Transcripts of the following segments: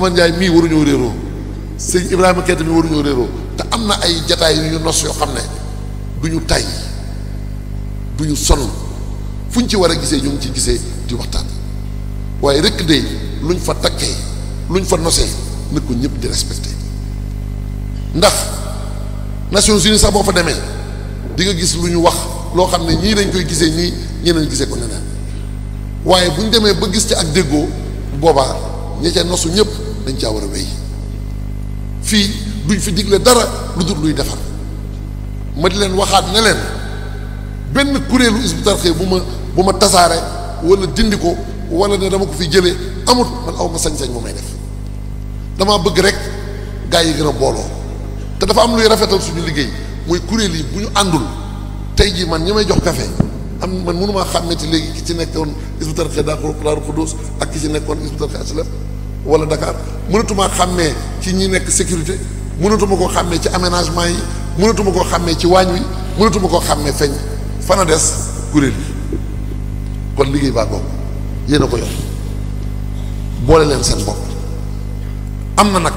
Omar Ndiaye mii waruñoo réeroo sëñ Ibrahima Keita mii waruñoo réeroo te am na ay jataay yu ñu nos yoo xam ne du ñu tay du ñu sonn fu ñu ci war a gisee ñu ngi ci gisee di waxtaan waaye rek de luñ fa takkee luñ fa nosee na ko ñëpp di respecté ndax Nations Unies sax boo fa demee di nga gis lu ñu wax loo xam ne ñii dañ koy gisee nii ñeneen gisee ko neneen waaye bu ñu demee ba gis ci ak déggoo boobaa ña ca nosu ñëpp. dañ caa war a wéy fii duñ fi digle dara lu dul luy defar ma di leen waxaat ne leen benn kuréelu Hizbut Tarqiyyah bu ma bu ma tasaare wala dindi ko wala ne dama ko fi jëlee amut man aw ma sañ-sañ bu may def damaa bëgg rek gaa yi gën a booloo te dafa am luy rafetal suñu liggéey mooy kuréel yi bu ñu àndul tey jii man ñi may jox café am man mënumaa xàmmeti léegi ki ci nekkoon Hizbut Tarqiyyah Daaru Xudoos ak ki ci nekkoon Hizbut Tarqiyyah Asalaam wala Dakar mënatuma xàmmee ci ñi nekk sécurité mënatuma koo xàmmee ci amenagement yi mënatuma koo xàmmee ci waañ wi mënatuma koo xàmmee feeñ fana des kuréel yi kon liggéey baa boobu yéene ko yor boole leen seen bopp am na nag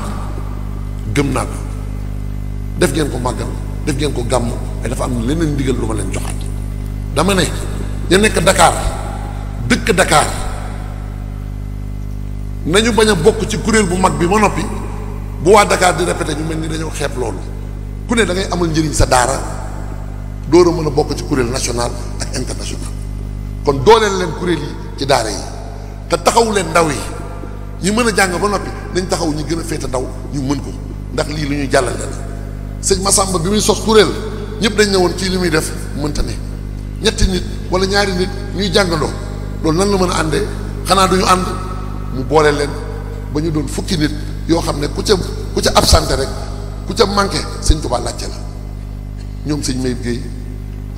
gëm naa ko def ngeen ko màggal def ngeen ko gàmm ay dafa am leneen ndigal lu ma leen joxaat dama ne ña nekk Dakar dëkk Dakar nañu bañ a bokk ci kuréel bu mag bi ba noppi bu waa dakaar di répété ñu mel ni dañoo xeeb loolu ku ne da ngay amal njëriñ sa daara door a mën a bokk ci kuréel national ak international kon dooleel leen kuréel yi ci daara yi te taxawu leen ndaw yi ñi mën a jàng ba noppi nañ taxaw ñi gën a féete ndaw ñu mën ko ndax lii lu ñuy jàllale la ma Massamba bi muy sos kuréel ñëpp dañ ne woon kii li muy def mënta ne ñetti nit wala ñaari nit ñuy jàngandoo loolu nan mën a àndee xanaa duñu ànd mu boole leen ba ñu doon fukki nit yoo xam ne ku ca ku ca absenté rek ku ca manqué sëñ Tuubaa laajte la ñoom sëñ Mayib Guèye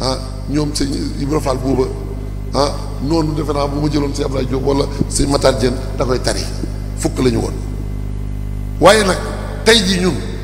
ah, ñoom sëñ Ibra Fall Bouba ah noonu defe naa bu ma jëloon si Abdoulaye Diop wala si Matar Diène da koy tari fukk lañu ñu woon waaye nag tey ji ñun.